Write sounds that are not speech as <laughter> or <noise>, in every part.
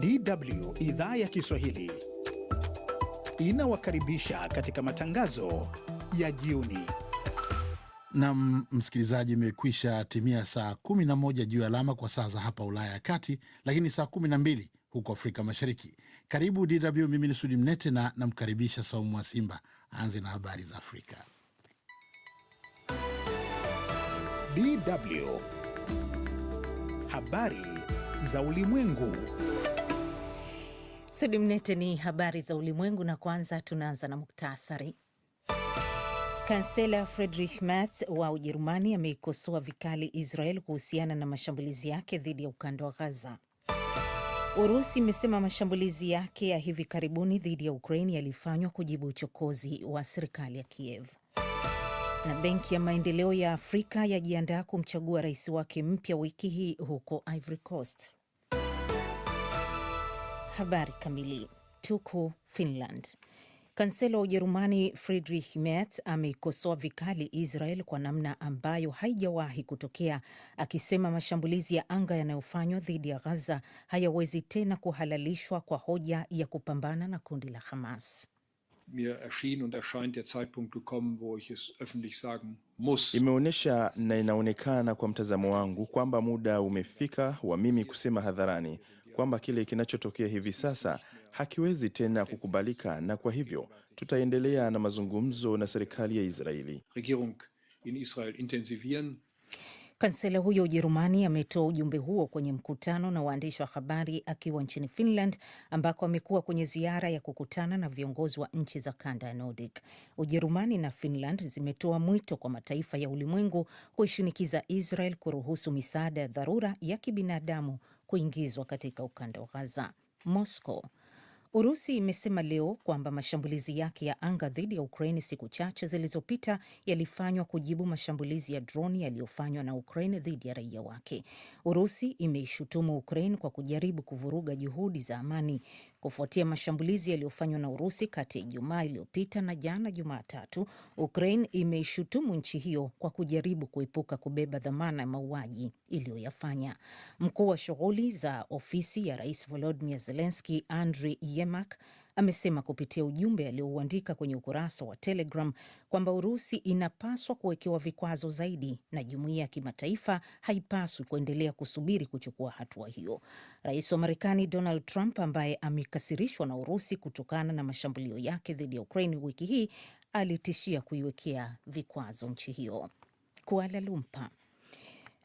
DW idhaa ya Kiswahili inawakaribisha katika matangazo ya jioni. Na msikilizaji, imekwisha timia saa 11 juu ya alama kwa saa za hapa Ulaya ya Kati, lakini saa 12 huko Afrika Mashariki. Karibu DW, mimi ni Sudi Mnete na namkaribisha Saumu wa Simba. Anze na habari za Afrika. DW habari za ulimwengu sudimnete ni habari za ulimwengu, na kwanza tunaanza na muktasari. Kansela Friedrich Merz wa Ujerumani ameikosoa vikali Israel kuhusiana na mashambulizi yake dhidi ya ukanda wa Gaza. Urusi imesema mashambulizi yake ya hivi karibuni dhidi ya Ukraini yalifanywa kujibu uchokozi wa serikali ya Kiev. Na Benki ya Maendeleo ya Afrika yajiandaa kumchagua rais wake mpya wiki hii huko Ivory Coast. Habari kamili. Tuko Finland. Kansela wa Ujerumani Friedrich Merz ameikosoa vikali Israel kwa namna ambayo haijawahi kutokea, akisema mashambulizi ya anga yanayofanywa dhidi ya Gaza hayawezi tena kuhalalishwa kwa hoja ya kupambana na kundi la Hamas. Imeonyesha na inaonekana kwa mtazamo wangu kwamba muda umefika wa mimi kusema hadharani kwamba kile kinachotokea hivi sasa hakiwezi tena kukubalika, na kwa hivyo tutaendelea na mazungumzo na serikali ya Israeli. Kansela huyo Ujerumani ametoa ujumbe huo kwenye mkutano na waandishi wa habari akiwa nchini Finland, ambako amekuwa kwenye ziara ya kukutana na viongozi wa nchi za kanda ya Nordic. Ujerumani na Finland zimetoa mwito kwa mataifa ya ulimwengu kuishinikiza Israel kuruhusu misaada ya dharura ya kibinadamu kuingizwa katika ukanda wa Gaza. Moscow Urusi imesema leo kwamba mashambulizi yake ya anga dhidi ya Ukraini siku chache zilizopita yalifanywa kujibu mashambulizi ya droni yaliyofanywa na Ukraini dhidi ya raia wake. Urusi imeishutumu Ukraini kwa kujaribu kuvuruga juhudi za amani kufuatia mashambulizi yaliyofanywa na Urusi kati ya Ijumaa iliyopita na jana Jumatatu. Ukraine imeishutumu nchi hiyo kwa kujaribu kuepuka kubeba dhamana ya mauaji iliyoyafanya. Mkuu wa shughuli za ofisi ya rais volodimir zelenski Andriy Yermak, amesema kupitia ujumbe aliouandika kwenye ukurasa wa Telegram kwamba Urusi inapaswa kuwekewa vikwazo zaidi na jumuiya ya kimataifa haipaswi kuendelea kusubiri kuchukua hatua hiyo. Rais wa Marekani Donald Trump ambaye amekasirishwa na Urusi kutokana na mashambulio yake dhidi ya ukraini wiki hii alitishia kuiwekea vikwazo nchi hiyo. Kuala Lumpur.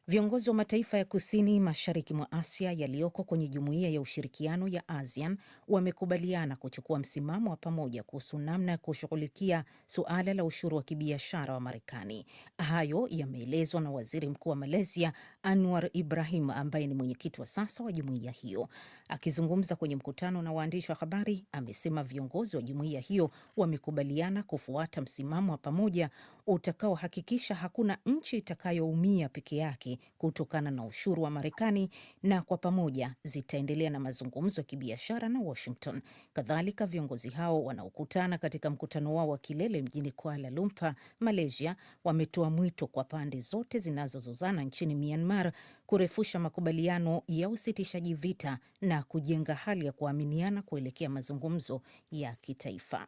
Viongozi wa mataifa ya kusini mashariki mwa Asia yaliyoko kwenye jumuiya ya ushirikiano ya ASEAN wamekubaliana kuchukua msimamo wa pamoja kuhusu namna ya kushughulikia suala la ushuru wa kibiashara wa Marekani. Hayo yameelezwa na waziri mkuu wa Malaysia Anwar Ibrahim, ambaye ni mwenyekiti wa sasa wa jumuiya hiyo. Akizungumza kwenye mkutano na waandishi wa habari, amesema viongozi wa jumuiya hiyo wamekubaliana kufuata msimamo wa pamoja utakaohakikisha hakuna nchi itakayoumia peke yake kutokana na ushuru wa Marekani, na kwa pamoja zitaendelea na mazungumzo ya kibiashara na Washington. Kadhalika, viongozi hao wanaokutana katika mkutano wao wa kilele mjini Kuala Lumpur, Malaysia, wametoa mwito kwa pande zote zinazozozana nchini Myanmar kurefusha makubaliano ya usitishaji vita na kujenga hali ya kuaminiana kuelekea mazungumzo ya kitaifa.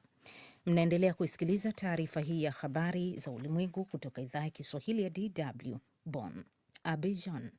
Mnaendelea kuisikiliza taarifa hii ya habari za ulimwengu kutoka idhaa ya Kiswahili ya DW Bonn. Abidjan.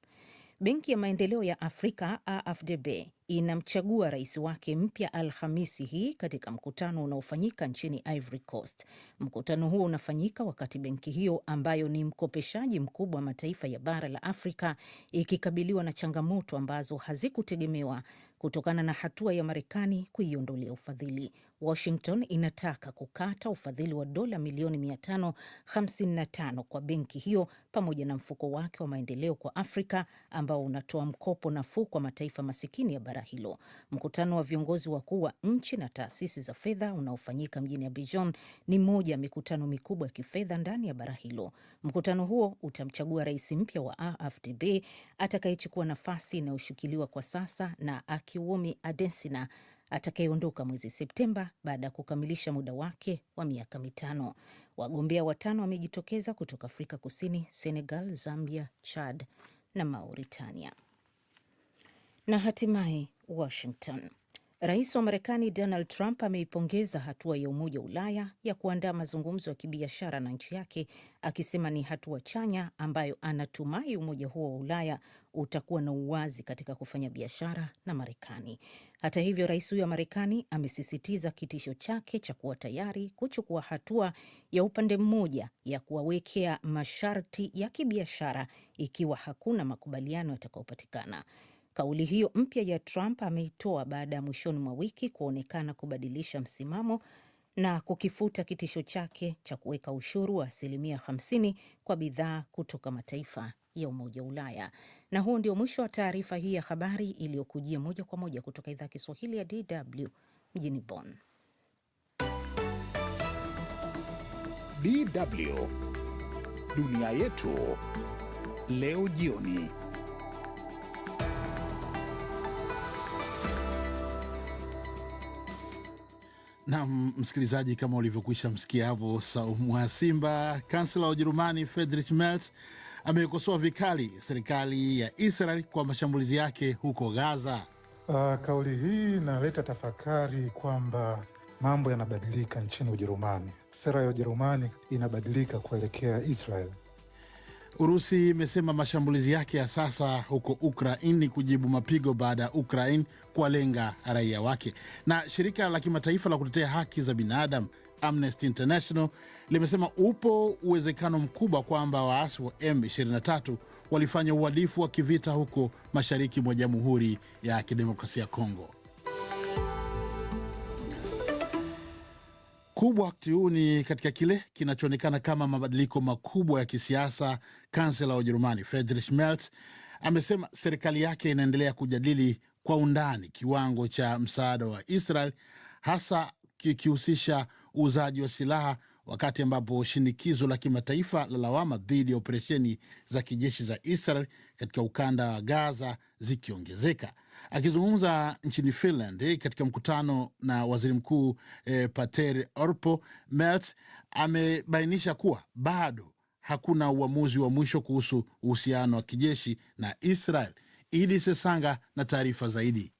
Benki ya Maendeleo ya Afrika AFDB inamchagua rais wake mpya Alhamisi hii katika mkutano unaofanyika nchini Ivory Coast. Mkutano huo unafanyika wakati benki hiyo ambayo ni mkopeshaji mkubwa wa mataifa ya bara la Afrika ikikabiliwa na changamoto ambazo hazikutegemewa kutokana na hatua ya Marekani kuiondolea ufadhili. Washington inataka kukata ufadhili wa dola milioni 555 kwa benki hiyo pamoja na mfuko wake wa maendeleo kwa Afrika ambao unatoa mkopo nafuu kwa mataifa masikini ya bara hilo. Mkutano wa viongozi wakuu wa nchi na taasisi za fedha unaofanyika mjini Abidjan ni moja ya mikutano mikubwa ya kifedha ndani ya bara hilo. Mkutano huo utamchagua rais mpya wa AfDB atakayechukua nafasi inayoshukiliwa kwa sasa na Akiwumi Adesina atakayeondoka mwezi Septemba baada ya kukamilisha muda wake wa miaka mitano. Wagombea watano wamejitokeza kutoka Afrika Kusini, Senegal, Zambia, Chad na Mauritania. Na hatimaye Washington, rais wa Marekani Donald Trump ameipongeza hatua ya Umoja wa Ulaya ya kuandaa mazungumzo ya kibiashara na nchi yake, akisema ni hatua chanya ambayo anatumai umoja huo wa Ulaya utakuwa na uwazi katika kufanya biashara na Marekani. Hata hivyo, rais huyo wa Marekani amesisitiza kitisho chake cha kuwa tayari kuchukua hatua ya upande mmoja ya kuwawekea masharti ya kibiashara ikiwa hakuna makubaliano yatakayopatikana. Kauli hiyo mpya ya Trump ameitoa baada ya mwishoni mwa wiki kuonekana kubadilisha msimamo na kukifuta kitisho chake cha kuweka ushuru wa asilimia 50 kwa bidhaa kutoka mataifa ya Umoja wa Ulaya. Na huo ndio mwisho wa taarifa hii ya habari iliyokujia moja kwa moja kutoka idhaa Kiswahili ya DW mjini Bonn. DW dunia yetu leo jioni. Na msikilizaji, kama ulivyokwisha msikia hapo saumu Simba, kansela wa Ujerumani Friedrich Merz ameikosoa vikali serikali ya Israel kwa mashambulizi yake huko Gaza. Uh, kauli hii inaleta tafakari kwamba mambo yanabadilika nchini Ujerumani. Sera ya Ujerumani inabadilika kuelekea Israel. Urusi imesema mashambulizi yake ya sasa huko Ukraine ni kujibu mapigo baada ya Ukraine kuwalenga raia wake. Na shirika la kimataifa la kutetea haki za binadamu Amnesty International limesema upo uwezekano mkubwa kwamba waasi wa M23 walifanya uhalifu wa kivita huko mashariki mwa Jamhuri ya Kidemokrasia ya Kongo. kubwa wakati huu ni katika kile kinachoonekana kama mabadiliko makubwa ya kisiasa. Kansela wa Ujerumani Friedrich Merz amesema serikali yake inaendelea kujadili kwa undani kiwango cha msaada wa Israel, hasa kikihusisha uuzaji wa silaha wakati ambapo shinikizo la kimataifa la lawama dhidi ya operesheni za kijeshi za Israel katika ukanda wa Gaza zikiongezeka. Akizungumza nchini Finland katika mkutano na waziri mkuu eh, Petteri Orpo, Merz amebainisha kuwa bado hakuna uamuzi wa mwisho kuhusu uhusiano wa kijeshi na Israel. Idi Sesanga na taarifa zaidi.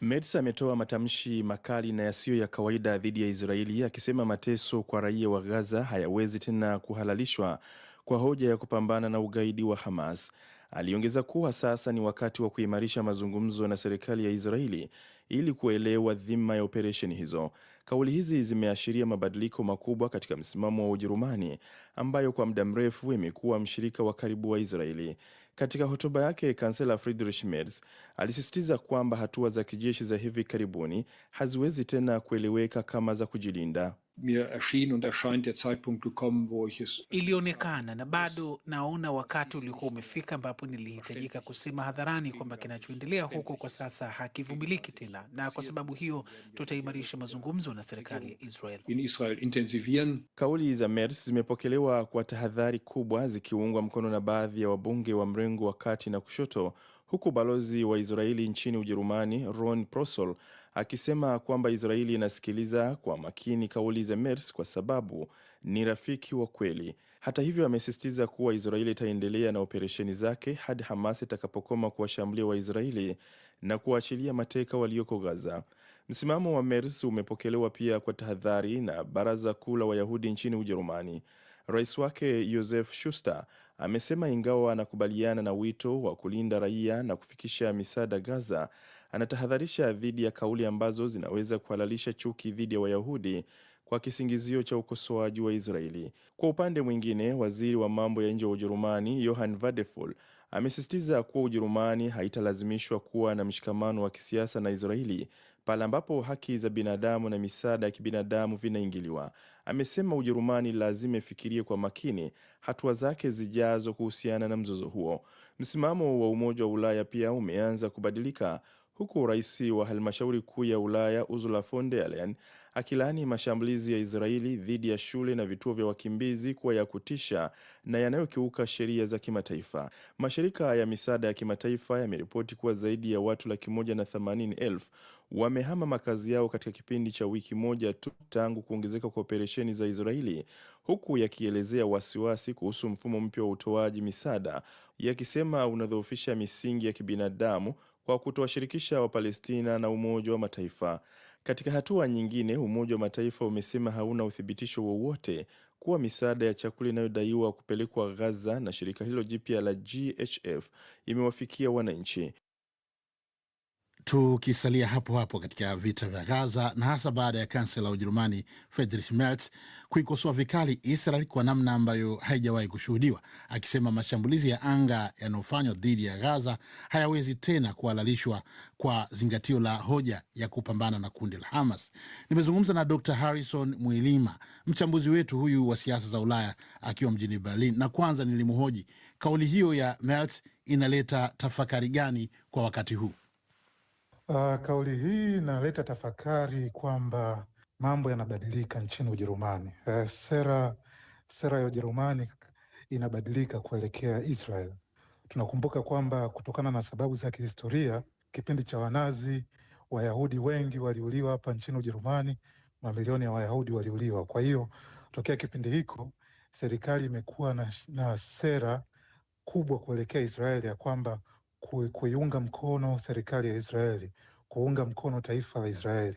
Metsa ametoa matamshi makali na yasiyo ya kawaida dhidi ya Israeli akisema mateso kwa raia wa Gaza hayawezi tena kuhalalishwa kwa hoja ya kupambana na ugaidi wa Hamas. Aliongeza kuwa sasa ni wakati wa kuimarisha mazungumzo na serikali ya Israeli ili kuelewa dhima ya operesheni hizo. Kauli hizi zimeashiria mabadiliko makubwa katika msimamo wa Ujerumani ambayo kwa muda mrefu imekuwa mshirika wa karibu wa Israeli. Katika hotuba yake, Kansela Friedrich Merz alisisitiza kwamba hatua za kijeshi za hivi karibuni haziwezi tena kueleweka kama za kujilinda mir erschien und erscheint der Zeitpunkt gekommen, wo ich es. Ilionekana na bado naona wakati ulikuwa umefika ambapo nilihitajika kusema hadharani kwamba kinachoendelea huko kwa sasa hakivumiliki tena, na kwa sababu hiyo tutaimarisha mazungumzo na serikali ya Israel. In Israel intensivieren. Kauli za Merz zimepokelewa kwa tahadhari kubwa, zikiungwa mkono na baadhi ya wabunge wa mrengo wa kati na kushoto, huku balozi wa Israeli nchini Ujerumani Ron Prosol akisema kwamba Israeli inasikiliza kwa makini kauli za mers kwa sababu ni rafiki wa kweli. Hata hivyo, amesisitiza kuwa Israeli itaendelea na operesheni zake hadi Hamas itakapokoma kuwashambulia Waisraeli na kuwaachilia mateka walioko Gaza. Msimamo wa mers umepokelewa pia kwa tahadhari na Baraza Kuu la Wayahudi nchini Ujerumani. Rais wake yosef Schuster amesema ingawa anakubaliana na wito wa kulinda raia na kufikisha misaada Gaza, anatahadharisha dhidi ya kauli ambazo zinaweza kuhalalisha chuki dhidi ya Wayahudi kwa kisingizio cha ukosoaji wa Israeli. Kwa upande mwingine, waziri wa mambo ya nje wa Ujerumani Johann Wadephul amesisitiza kuwa Ujerumani haitalazimishwa kuwa na mshikamano wa kisiasa na Israeli pale ambapo haki za binadamu na misaada ya kibinadamu vinaingiliwa. Amesema Ujerumani lazima ifikirie kwa makini hatua zake zijazo kuhusiana na mzozo huo. Msimamo wa Umoja wa Ulaya pia umeanza kubadilika huku rais wa halmashauri kuu ya Ulaya Ursula von der Leyen akilaani mashambulizi ya Israeli dhidi ya shule na vituo vya wakimbizi kuwa ya kutisha na yanayokiuka sheria za kimataifa. Mashirika ya misaada ya kimataifa yameripoti kuwa zaidi ya watu laki moja na themanini elfu wamehama makazi yao katika kipindi cha wiki moja tu tangu kuongezeka kwa operesheni za Israeli, huku yakielezea wasiwasi kuhusu mfumo mpya wa utoaji misaada, yakisema unadhoofisha misingi ya kibinadamu kwa kutowashirikisha Wapalestina na Umoja wa Mataifa. Katika hatua nyingine, Umoja wa Mataifa umesema hauna uthibitisho wowote kuwa misaada ya chakula inayodaiwa kupelekwa Gaza na shirika hilo jipya la GHF imewafikia wananchi. Tukisalia hapo hapo katika vita vya Gaza na hasa baada ya kansela wa Ujerumani Friedrich Merz kuikosoa vikali Israel kwa namna ambayo haijawahi kushuhudiwa, akisema mashambulizi ya anga yanayofanywa dhidi ya Gaza hayawezi tena kuhalalishwa kwa zingatio la hoja ya kupambana na kundi la Hamas. Nimezungumza na Dr Harrison Mwilima, mchambuzi wetu huyu wa siasa za Ulaya, akiwa mjini Berlin, na kwanza nilimhoji kauli hiyo ya Merz inaleta tafakari gani kwa wakati huu. Uh, kauli hii inaleta tafakari kwamba mambo yanabadilika nchini Ujerumani. Uh, sera sera ya Ujerumani inabadilika kuelekea Israel. Tunakumbuka kwamba kutokana na sababu za kihistoria, kipindi cha Wanazi, Wayahudi wengi waliuliwa hapa nchini Ujerumani, mamilioni ya Wayahudi waliuliwa. Kwa hiyo tokea kipindi hiko serikali imekuwa na, na sera kubwa kuelekea Israeli ya kwamba kuiunga mkono serikali ya Israeli, kuunga mkono taifa la Israeli.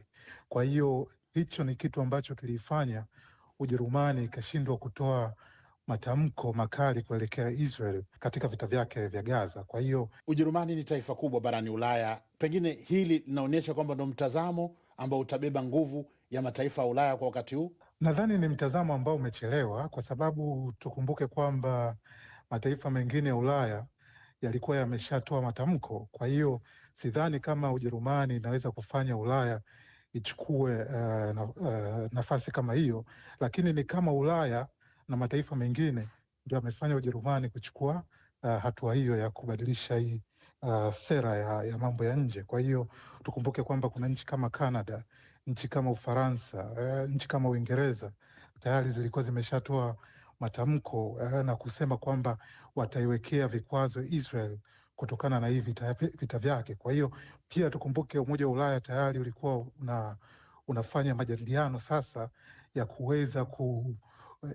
Kwa hiyo hicho ni kitu ambacho kilifanya Ujerumani ikashindwa kutoa matamko makali kuelekea Israel katika vita vyake vya Gaza. Kwa hiyo Ujerumani ni taifa kubwa barani Ulaya, pengine hili linaonyesha kwamba ndo mtazamo ambao utabeba nguvu ya mataifa ya Ulaya kwa wakati huu. Nadhani ni mtazamo ambao umechelewa, kwa sababu tukumbuke kwamba mataifa mengine ya Ulaya yalikuwa yameshatoa matamko. Kwa hiyo sidhani kama Ujerumani inaweza kufanya Ulaya ichukue uh, na, uh, nafasi kama hiyo, lakini ni kama Ulaya na mataifa mengine ndio amefanya Ujerumani kuchukua uh, hatua hiyo ya kubadilisha hii uh, sera ya, ya mambo ya nje. Kwa hiyo tukumbuke kwamba kuna nchi kama Canada, nchi kama Ufaransa, uh, nchi kama Uingereza tayari zilikuwa zimeshatoa matamko eh, na kusema kwamba wataiwekea vikwazo Israel kutokana na hii vita, vita vyake. Kwa hiyo pia tukumbuke Umoja wa Ulaya tayari ulikuwa una, unafanya majadiliano sasa ya kuweza ku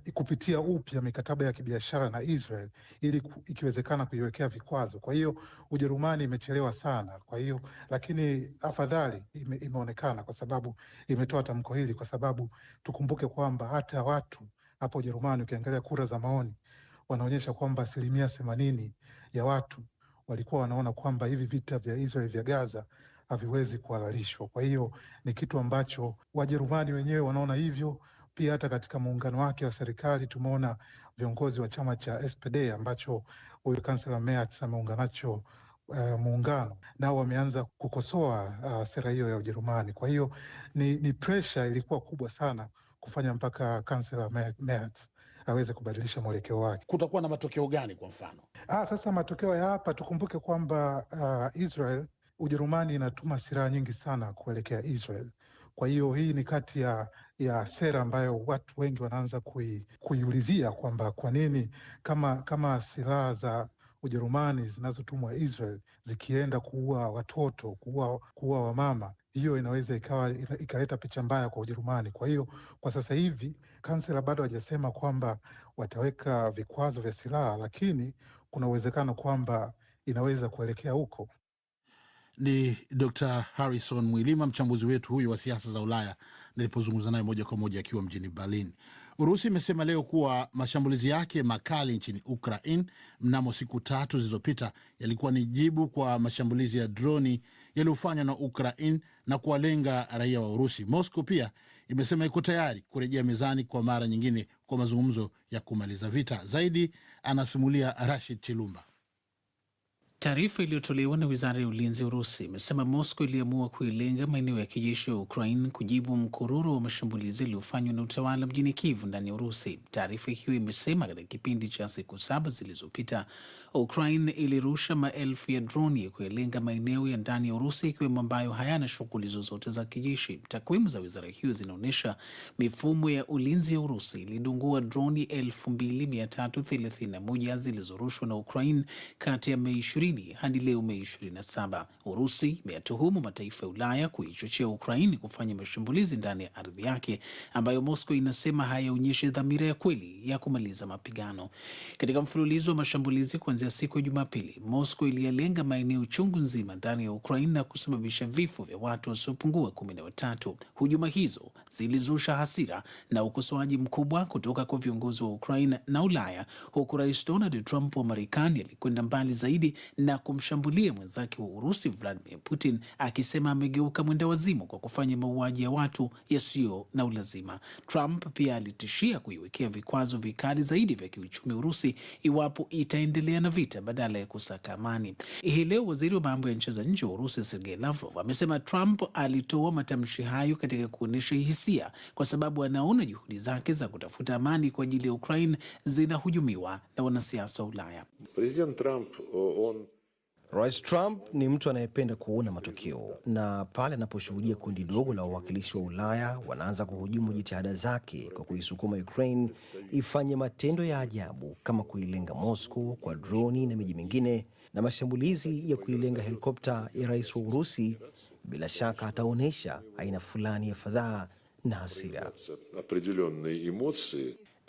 eh, kupitia upya mikataba ya kibiashara na Israel ili ikiwezekana kuiwekea vikwazo. Kwa hiyo Ujerumani imechelewa sana, kwa hiyo lakini afadhali ime, imeonekana kwa sababu imetoa tamko hili, kwa sababu tukumbuke kwamba hata watu hapa Ujerumani ukiangalia kura za maoni wanaonyesha kwamba asilimia themanini ya watu walikuwa wanaona kwamba hivi vita vya Israel vya Gaza haviwezi kuhalalishwa. Kwa hiyo ni kitu ambacho Wajerumani wenyewe wanaona hivyo pia hata katika muungano wake wa serikali tumeona viongozi wa chama cha SPD ambacho huyu kansela Merz ameunga nacho uh, muungano nao wameanza kukosoa uh, sera hiyo ya Ujerumani. Kwa hiyo ni, ni presha ilikuwa kubwa sana kufanya mpaka kansela Merz aweze kubadilisha mwelekeo wake. Kutakuwa na matokeo gani kwa mfano? Ah, sasa matokeo ya hapa tukumbuke kwamba uh, Israel, Ujerumani inatuma silaha nyingi sana kuelekea Israel. Kwa hiyo hii ni kati ya, ya sera ambayo watu wengi wanaanza kui, kuiulizia kwamba kwa nini kama, kama silaha za Ujerumani zinazotumwa Israel zikienda kuua watoto, kuua kuua wamama, hiyo inaweza ikawa ikaleta picha mbaya kwa Ujerumani. Kwa hiyo kwa sasa hivi kansela bado hajasema kwamba wataweka vikwazo vya silaha, lakini kuna uwezekano kwamba inaweza kuelekea huko. Ni Dr Harrison Mwilima, mchambuzi wetu huyu wa siasa za Ulaya, nilipozungumza naye moja kwa moja akiwa mjini Berlin. Urusi imesema leo kuwa mashambulizi yake makali nchini Ukraine mnamo siku tatu zilizopita yalikuwa ni jibu kwa mashambulizi ya droni yaliyofanywa na Ukraine na kuwalenga raia wa Urusi. Moscow pia imesema iko tayari kurejea mezani kwa mara nyingine kwa mazungumzo ya kumaliza vita. Zaidi anasimulia Rashid Chilumba. Taarifa iliyotolewa na wizara ya ulinzi ya Urusi imesema Moscow iliamua kuilenga maeneo ya kijeshi ya Ukraine kujibu mkururo wa mashambulizi yaliyofanywa na utawala mjini Kiev ndani ya Urusi. Taarifa hiyo imesema katika kipindi cha siku saba zilizopita, Ukraine ilirusha maelfu ya droni ya kuilenga maeneo ya ndani ya Urusi, ikiwemo ambayo hayana shughuli zozote za kijeshi. Takwimu za wizara hiyo zinaonyesha mifumo ya ulinzi ya Urusi ilidungua droni 2331 zilizorushwa na Ukraine kati ya Mei Aprili hadi leo Mei 27, Urusi imeyatuhumu mataifa ya Ulaya kuichochea Ukraini kufanya mashambulizi ndani ya ardhi yake ambayo Moscow inasema hayaonyeshi dhamira ya kweli ya kumaliza mapigano. Katika mfululizo wa mashambulizi kuanzia siku ya Jumapili, Moscow iliyalenga maeneo chungu nzima ndani ya Ukraini na kusababisha vifo vya watu wasiopungua kumi na watatu. Hujuma hizo zilizusha hasira na ukosoaji mkubwa kutoka kwa viongozi wa Ukraini na Ulaya, huku Rais Donald Trump wa Marekani alikwenda mbali zaidi na kumshambulia mwenzake wa Urusi Vladimir Putin akisema amegeuka mwenda wazimu kwa kufanya mauaji ya watu yasiyo na ulazima. Trump pia alitishia kuiwekea vikwazo vikali zaidi vya kiuchumi Urusi iwapo itaendelea na vita badala ya kusaka amani. Hii leo waziri wa mambo ya nchi za nje wa Urusi Sergei Lavrov amesema Trump alitoa matamshi hayo katika kuonyesha hisia, kwa sababu anaona juhudi zake za kutafuta amani kwa ajili ya Ukraine zinahujumiwa na wanasiasa wa Ulaya. President Trump uh, on Rais Trump ni mtu anayependa kuona matokeo, na pale anaposhuhudia kundi dogo la wawakilishi wa Ulaya wanaanza kuhujumu jitihada zake kwa kuisukuma Ukraine ifanye matendo ya ajabu kama kuilenga Moscow kwa droni na miji mingine na mashambulizi ya kuilenga helikopta ya rais wa Urusi, bila shaka ataonyesha aina fulani ya fadhaa na hasira.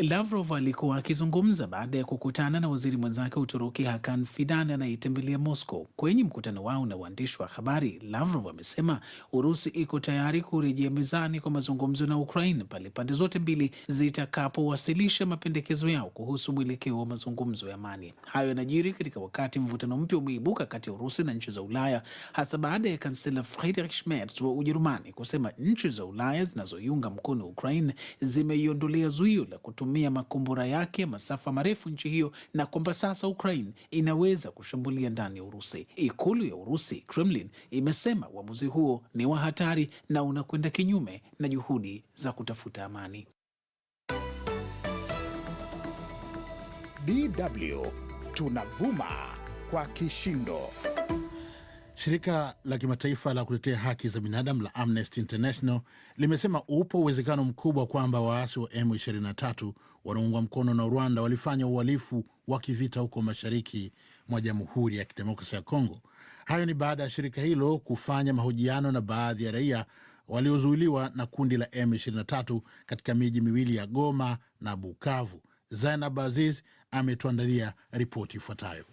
Lavrov alikuwa akizungumza baada ya kukutana na waziri mwenzake Uturuki Hakan Fidan anayetembelea Moscow. Kwenye mkutano wao na waandishi wa habari, Lavrov amesema Urusi iko tayari kurejea mezani kwa mazungumzo na Ukraine pale pande zote mbili zitakapowasilisha mapendekezo yao kuhusu mwelekeo wa mazungumzo ya amani. Hayo yanajiri katika wakati mvutano mpya umeibuka kati ya Urusi na nchi za Ulaya, hasa baada ya kansela Friedrich Merz wa Ujerumani kusema nchi za Ulaya zinazoiunga mkono Ukraine zimeiondolea zuio la kutu kutumia makombora yake masafa marefu nchi hiyo na kwamba sasa Ukraine inaweza kushambulia ndani ya Urusi. Ikulu ya Urusi, Kremlin, imesema uamuzi huo ni wa hatari na unakwenda kinyume na juhudi za kutafuta amani. DW tunavuma kwa kishindo. Shirika la kimataifa la kutetea haki za binadamu la Amnesty International limesema upo uwezekano mkubwa kwamba waasi wa M23 wanaungwa mkono na Rwanda walifanya uhalifu wa kivita huko mashariki mwa Jamhuri ya Kidemokrasia ya Kongo. Hayo ni baada ya shirika hilo kufanya mahojiano na baadhi ya raia waliozuiliwa na kundi la M23 katika miji miwili ya Goma na Bukavu. Zainab Aziz ametuandalia ripoti ifuatayo.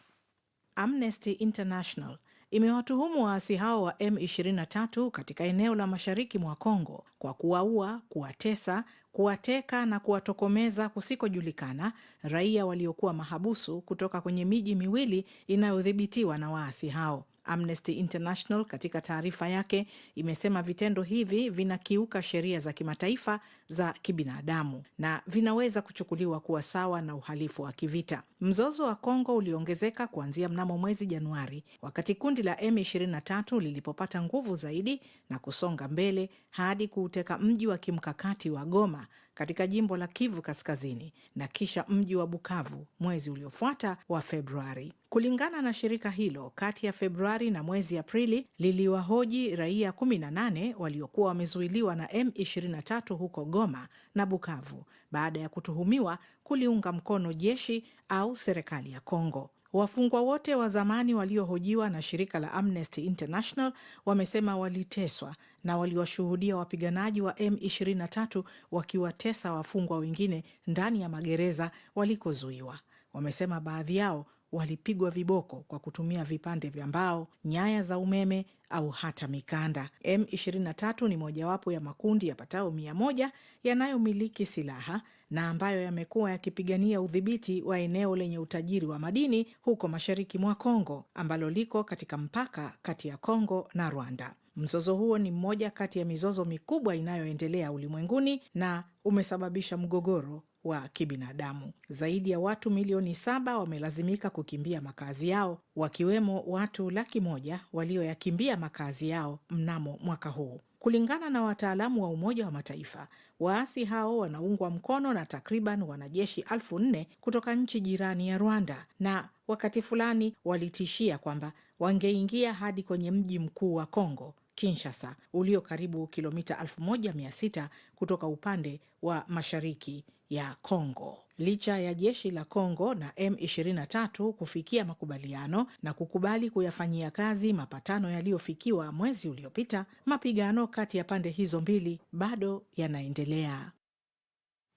Amnesty International imewatuhumu waasi hao wa M23 katika eneo la mashariki mwa congo kwa kuwaua, kuwatesa, kuwateka na kuwatokomeza kusikojulikana raia waliokuwa mahabusu kutoka kwenye miji miwili inayodhibitiwa na waasi hao. Amnesty International katika taarifa yake imesema vitendo hivi vinakiuka sheria za kimataifa za kibinadamu na vinaweza kuchukuliwa kuwa sawa na uhalifu wa kivita. Mzozo wa Kongo uliongezeka kuanzia mnamo mwezi Januari, wakati kundi la M23 lilipopata nguvu zaidi na kusonga mbele hadi kuuteka mji wa kimkakati wa Goma katika jimbo la Kivu Kaskazini na kisha mji wa Bukavu mwezi uliofuata wa Februari. Kulingana na shirika hilo, kati ya Februari na mwezi Aprili liliwahoji raia 18 waliokuwa wamezuiliwa na M23 huko Goma na Bukavu baada ya kutuhumiwa kuliunga mkono jeshi au serikali ya Kongo. Wafungwa wote wa zamani waliohojiwa na shirika la Amnesty International wamesema waliteswa na waliwashuhudia wapiganaji wa M23 wakiwatesa wafungwa wengine ndani ya magereza walikozuiwa. Wamesema baadhi yao walipigwa viboko kwa kutumia vipande vya mbao, nyaya za umeme au hata mikanda. M23 ni mojawapo ya makundi yapatao mia moja yanayomiliki silaha na ambayo yamekuwa yakipigania udhibiti wa eneo lenye utajiri wa madini huko mashariki mwa Kongo ambalo liko katika mpaka kati ya Kongo na Rwanda. Mzozo huo ni mmoja kati ya mizozo mikubwa inayoendelea ulimwenguni na umesababisha mgogoro wa kibinadamu. Zaidi ya watu milioni saba wamelazimika kukimbia makazi yao, wakiwemo watu laki moja walioyakimbia makazi yao mnamo mwaka huu. Kulingana na wataalamu wa Umoja wa Mataifa, waasi hao wanaungwa mkono na takriban wanajeshi elfu nne kutoka nchi jirani ya Rwanda, na wakati fulani walitishia kwamba wangeingia hadi kwenye mji mkuu wa Kongo, Kinshasa, ulio karibu kilomita 1600 kutoka upande wa mashariki ya Kongo. Licha ya jeshi la congo na M23 kufikia makubaliano na kukubali kuyafanyia kazi mapatano yaliyofikiwa mwezi uliopita, mapigano kati ya pande hizo mbili bado yanaendelea.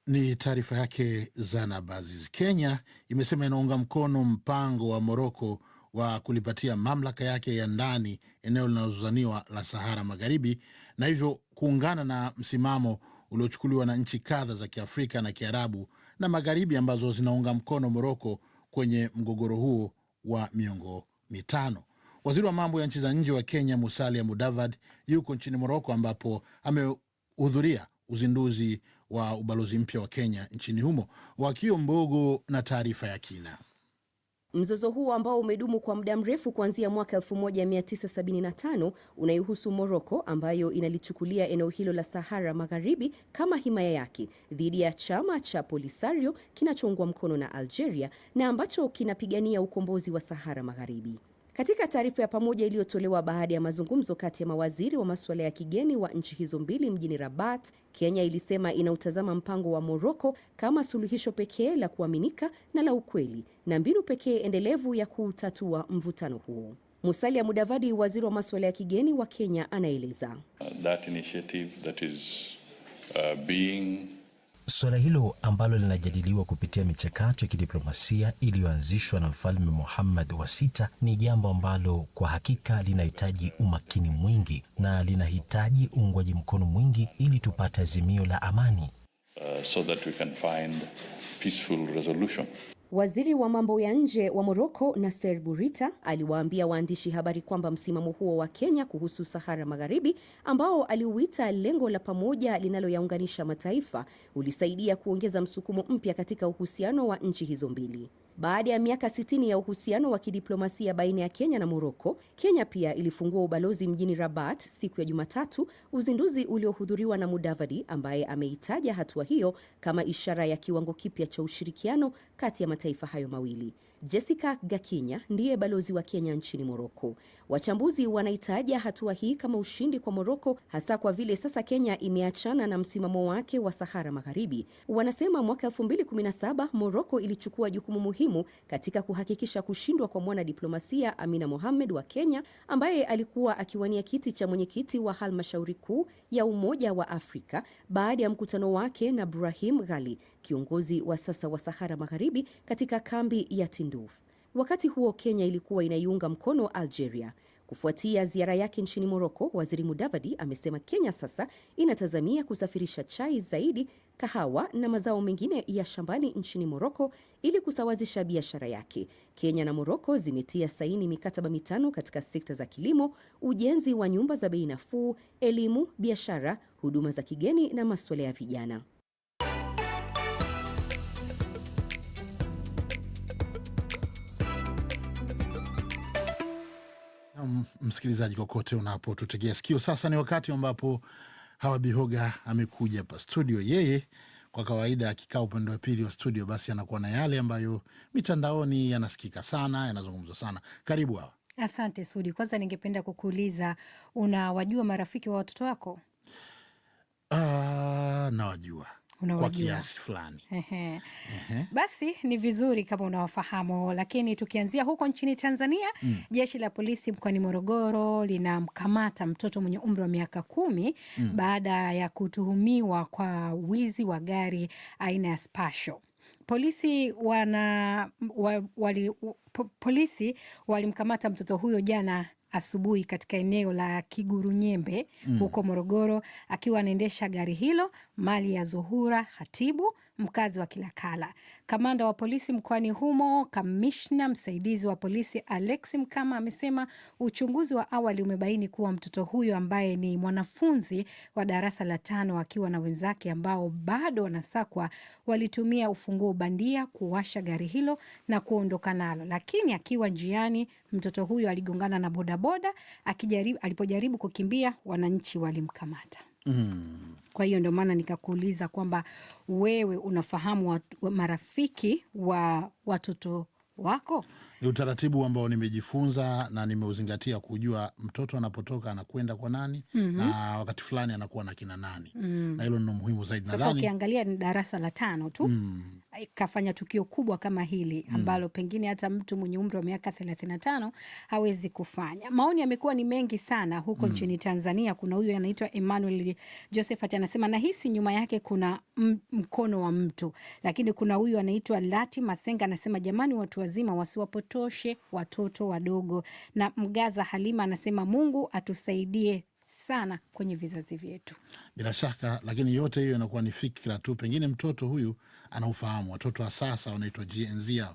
Ni taarifa yake. Zanab Aziz. Kenya imesema inaunga mkono mpango wa Moroko wa kulipatia mamlaka yake ya ndani eneo linalozozaniwa la Sahara Magharibi na hivyo kuungana na msimamo uliochukuliwa na nchi kadha za Kiafrika na Kiarabu na Magharibi ambazo zinaunga mkono Moroko kwenye mgogoro huo wa miongo mitano. Waziri wa mambo ya nchi za nje wa Kenya Musalia mudavad yuko nchini Moroko ambapo amehudhuria uzinduzi wa ubalozi mpya wa Kenya nchini humo. Wakio Mbogo na taarifa ya kina. Mzozo huo ambao umedumu kwa muda mrefu kuanzia mwaka 1975 unaihusu moroko ambayo inalichukulia eneo hilo la Sahara Magharibi kama himaya yake dhidi ya chama cha Polisario kinachoungwa mkono na Algeria na ambacho kinapigania ukombozi wa Sahara Magharibi. Katika taarifa ya pamoja iliyotolewa baada ya mazungumzo kati ya mawaziri wa masuala ya kigeni wa nchi hizo mbili mjini Rabat, Kenya ilisema inautazama mpango wa Moroko kama suluhisho pekee la kuaminika na la ukweli na mbinu pekee endelevu ya kuutatua mvutano huo. Musalia Mudavadi, waziri wa masuala ya kigeni wa Kenya, anaeleza. Uh, that initiative that is, uh, being Suala hilo ambalo linajadiliwa kupitia michakato ya kidiplomasia iliyoanzishwa na Mfalme Muhammad wa Sita ni jambo ambalo kwa hakika linahitaji umakini mwingi na linahitaji uungwaji mkono mwingi ili tupate azimio la amani. Uh, so that we can find peaceful resolution. Waziri wa mambo ya nje wa Moroko Nasser burita aliwaambia waandishi habari kwamba msimamo huo wa Kenya kuhusu Sahara Magharibi ambao aliuita lengo la pamoja linaloyaunganisha mataifa ulisaidia kuongeza msukumo mpya katika uhusiano wa nchi hizo mbili. Baada ya miaka 60 ya uhusiano wa kidiplomasia baina ya Kenya na Moroko, Kenya pia ilifungua ubalozi mjini Rabat siku ya Jumatatu, uzinduzi uliohudhuriwa na Mudavadi ambaye ameitaja hatua hiyo kama ishara ya kiwango kipya cha ushirikiano kati ya mataifa hayo mawili. Jessica Gakinya ndiye balozi wa Kenya nchini Moroko. Wachambuzi wanaitaja hatua hii kama ushindi kwa Moroko, hasa kwa vile sasa Kenya imeachana na msimamo wake wa Sahara Magharibi. Wanasema mwaka 2017 Moroko ilichukua jukumu muhimu katika kuhakikisha kushindwa kwa mwanadiplomasia Amina Mohamed wa Kenya ambaye alikuwa akiwania kiti cha mwenyekiti wa halmashauri kuu ya Umoja wa Afrika baada ya mkutano wake na Brahim Ghali, kiongozi wa sasa wa Sahara Magharibi katika kambi ya Tindouf. Wakati huo Kenya ilikuwa inaiunga mkono Algeria. Kufuatia ziara yake nchini Moroko, Waziri Mudavadi amesema Kenya sasa inatazamia kusafirisha chai zaidi, kahawa na mazao mengine ya shambani nchini Moroko ili kusawazisha biashara yake. Kenya na Moroko zimetia saini mikataba mitano katika sekta za kilimo, ujenzi wa nyumba za bei nafuu, elimu, biashara, huduma za kigeni na masuala ya vijana. msikilizaji, kokote unapotutegea sikio. Sasa ni wakati ambapo Hawa Bihoga amekuja hapa studio. Yeye kwa kawaida akikaa upande wa pili wa studio, basi anakuwa na yale ambayo mitandaoni yanasikika sana, yanazungumzwa sana. Karibu Hawa. Asante Sudi. Kwanza ningependa kukuuliza, unawajua marafiki wa watoto wako? Uh, nawajua kwa kiasi fulani. Basi ni vizuri kama unawafahamu, lakini tukianzia huko nchini Tanzania mm. Jeshi la polisi mkoani Morogoro linamkamata mtoto mwenye umri wa miaka kumi mm. baada ya kutuhumiwa kwa wizi wa gari aina ya Spasho. Polisi wana wa, wali, polisi walimkamata mtoto huyo jana asubuhi katika eneo la Kiguru Nyembe mm. huko Morogoro, akiwa anaendesha gari hilo mali ya Zuhura hatibu mkazi wa Kilakala. Kamanda wa polisi mkoani humo, kamishna msaidizi wa polisi Alexi Mkama amesema uchunguzi wa awali umebaini kuwa mtoto huyo ambaye ni mwanafunzi wa darasa la tano akiwa na wenzake ambao bado wanasakwa walitumia ufunguo bandia kuwasha gari hilo na kuondoka nalo, lakini akiwa njiani mtoto huyo aligongana na bodaboda akijaribu, alipojaribu kukimbia wananchi walimkamata mm. Kwa hiyo ndio maana nikakuuliza kwamba wewe unafahamu wa, wa marafiki wa watoto wako. Ni utaratibu ambao nimejifunza na nimeuzingatia kujua mtoto anapotoka anakwenda kwa nani mm -hmm. na wakati fulani anakuwa na kina nani mm. na hilo ndio muhimu zaidi nadhani. Sasa ukiangalia ni darasa la tano tu mm kafanya tukio kubwa kama hili hmm. ambalo pengine hata mtu mwenye umri wa miaka 35 hawezi kufanya. Maoni yamekuwa ni mengi sana huko hmm. nchini mm. Tanzania. Kuna huyu anaitwa Emmanuel Josephat anasema nahisi nyuma yake kuna mkono wa mtu, lakini kuna huyu anaitwa Lati Masenga anasema jamani, watu wazima wasiwapotoshe watoto wadogo. Na Mgaza Halima anasema Mungu atusaidie sana kwenye vizazi vyetu, bila shaka. Lakini yote hiyo inakuwa ni fikra tu, pengine mtoto huyu anaufahamu. Watoto wa sasa wanaitwa Gen Z,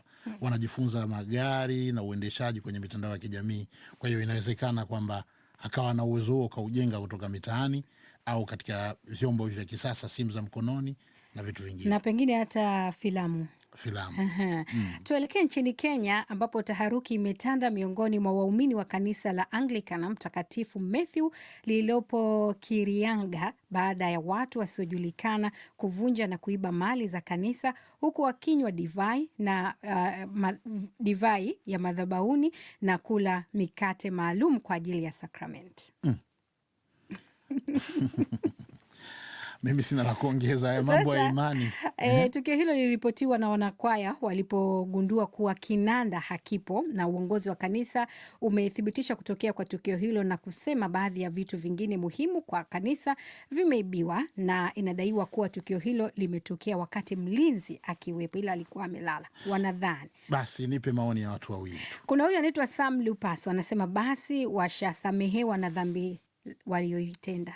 wanajifunza magari na uendeshaji kwenye mitandao ya kijamii. Kwa hiyo inawezekana kwamba akawa na uwezo huo kaujenga kutoka mitaani au katika vyombo vya kisasa, simu za mkononi na vitu vingine, na pengine hata filamu filamu. Mm. Tuelekee nchini Kenya ambapo taharuki imetanda miongoni mwa waumini wa kanisa la Anglikana Mtakatifu Matthew lililopo Kirianga baada ya watu wasiojulikana kuvunja na kuiba mali za kanisa huku wakinywa divai na uh, ma, divai ya madhabauni na kula mikate maalum kwa ajili ya sakramenti. Mm. <laughs> Mimi sina la kuongeza haya mambo ya imani. E, tukio hilo liliripotiwa na wanakwaya walipogundua kuwa kinanda hakipo, na uongozi wa kanisa umethibitisha kutokea kwa tukio hilo na kusema baadhi ya vitu vingine muhimu kwa kanisa vimeibiwa, na inadaiwa kuwa tukio hilo limetokea wakati mlinzi akiwepo, ila alikuwa amelala, wanadhani. Basi nipe maoni ya watu wawili. Kuna huyu anaitwa Sam Lupas anasema basi washasamehewa na dhambi walioitenda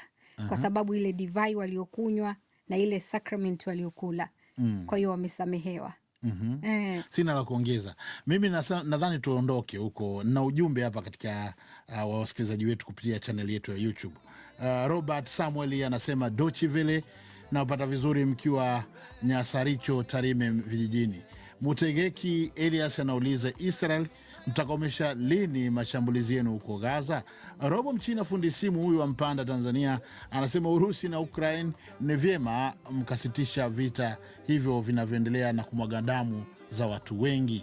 kwa sababu ile divai waliokunywa na ile sacrament waliokula mm. kwa hiyo wamesamehewa. Mm -hmm. mm. Sina la kuongeza mimi, nadhani tuondoke huko na ujumbe hapa katika uh, wasikilizaji wetu kupitia chaneli yetu ya YouTube. Uh, Robert Samuel anasema dochivile napata vizuri mkiwa Nyasaricho Tarime vijijini. Mutegeki Elias anauliza Israel mtakomesha lini mashambulizi yenu huko Gaza? Robo Mchina fundi simu huyu wa Mpanda, Tanzania, anasema Urusi na Ukraine ni vyema mkasitisha vita hivyo vinavyoendelea na kumwaga damu za watu wengi.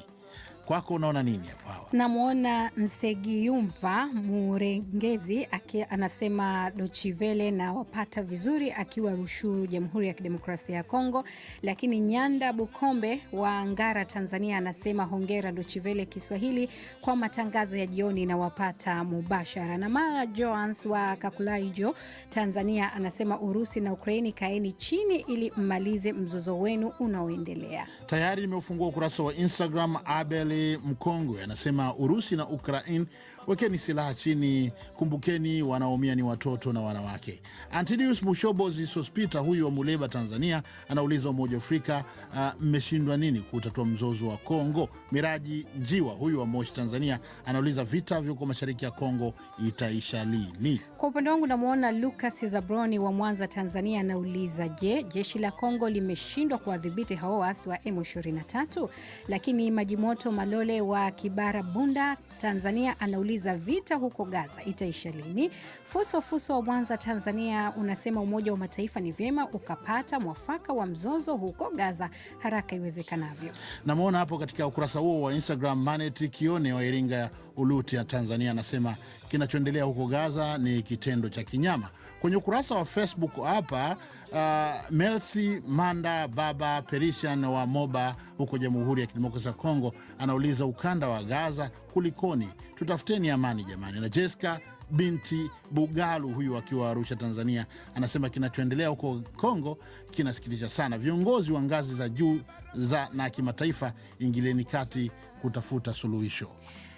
Kwako unaona nini hapo? Hawa namwona Nsegiyumva Murengezi aki, anasema dochivele na wapata vizuri akiwa Rushuru, Jamhuri ya Kidemokrasia ya Kongo. Lakini Nyanda Bukombe wa Ngara, Tanzania, anasema hongera dochivele Kiswahili kwa matangazo ya jioni na wapata mubashara. Na Mara Joans wa Kakulaijo, Tanzania, anasema Urusi na Ukraini kaeni chini ili mmalize mzozo wenu unaoendelea. Tayari nimeufungua ukurasa wa Instagram Abel mkongwe anasema Urusi na Ukraine Wekeni silaha chini, kumbukeni wanaoumia ni watoto na wanawake. Antidius Mushobozi Sospita, huyu wa Muleba, Tanzania, anauliza Umoja wa Afrika ah, mmeshindwa uh, nini kutatua mzozo wa Kongo? Miraji Njiwa, huyu wa Moshi, Tanzania, anauliza vita vyuko mashariki ya Kongo itaisha lini? Kwa upande wangu namwona lukas Zabroni wa Mwanza, Tanzania, anauliza je, jeshi la Kongo limeshindwa kuwadhibiti hao waasi wa M23? Lakini Maji Moto Malole wa Kibara Bunda Tanzania anauliza vita huko Gaza itaisha lini? Fuso Fuso wa Mwanza, Tanzania unasema Umoja wa Mataifa ni vyema ukapata mwafaka wa mzozo huko Gaza haraka iwezekanavyo. Namwona hapo katika ukurasa huo wa Instagram Manet Kione wa Iringa Uluti ya Tanzania anasema kinachoendelea huko Gaza ni kitendo cha kinyama. Kwenye ukurasa wa Facebook hapa uh, Melsi Manda Baba Perishan wa Moba huko Jamhuri ya Kidemokrasia ya Kongo anauliza ukanda wa Gaza kulikoni? Tutafuteni amani jamani. Na Jessica binti Bugalu huyu akiwa Arusha, Tanzania, anasema kinachoendelea huko Kongo kinasikitisha sana. Viongozi wa ngazi za juu za na kimataifa, ingilieni kati kutafuta suluhisho.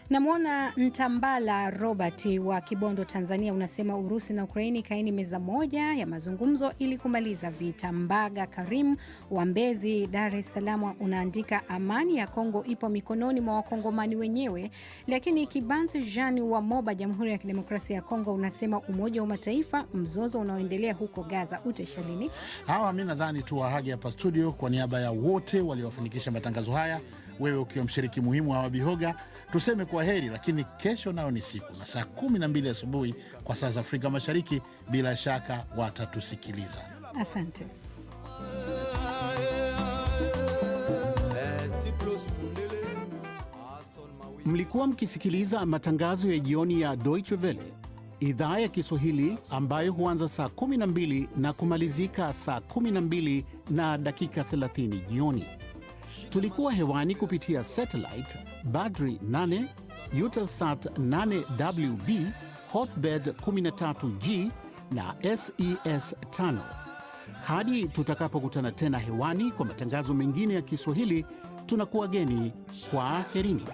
Namwona Ntambala Robert wa Kibondo, Tanzania, unasema Urusi na Ukraini kaini meza moja ya mazungumzo ili kumaliza vita. Mbaga Karim wa Mbezi, Dar es Salaam, unaandika amani ya Kongo ipo mikononi mwa wakongomani wenyewe. Lakini kibanzi Jean wa Moba, Jamhuri ya Kidemokrasia ya Kongo, unasema Umoja wa Mataifa, mzozo unaoendelea huko Gaza utaisha lini? Hawa mi nadhani tu wahage hapa studio, kwa niaba ya wote waliofanikisha matangazo haya wewe ukiwa mshiriki muhimu wa Wabihoga tuseme kwa heri, lakini kesho nayo ni siku na saa kumi na mbili asubuhi kwa saa za Afrika Mashariki, bila shaka watatusikiliza. Asante. Mlikuwa mkisikiliza matangazo ya jioni ya Deutsche Welle idhaa ya Kiswahili ambayo huanza saa 12 na kumalizika saa 12 na dakika 30 jioni. Tulikuwa hewani kupitia satellite Badri 8, Eutelsat 8WB, Hotbird 13G na SES 5. E Hadi tutakapokutana tena hewani kwa matangazo mengine ya Kiswahili, tunakuwa geni. Kwaherini.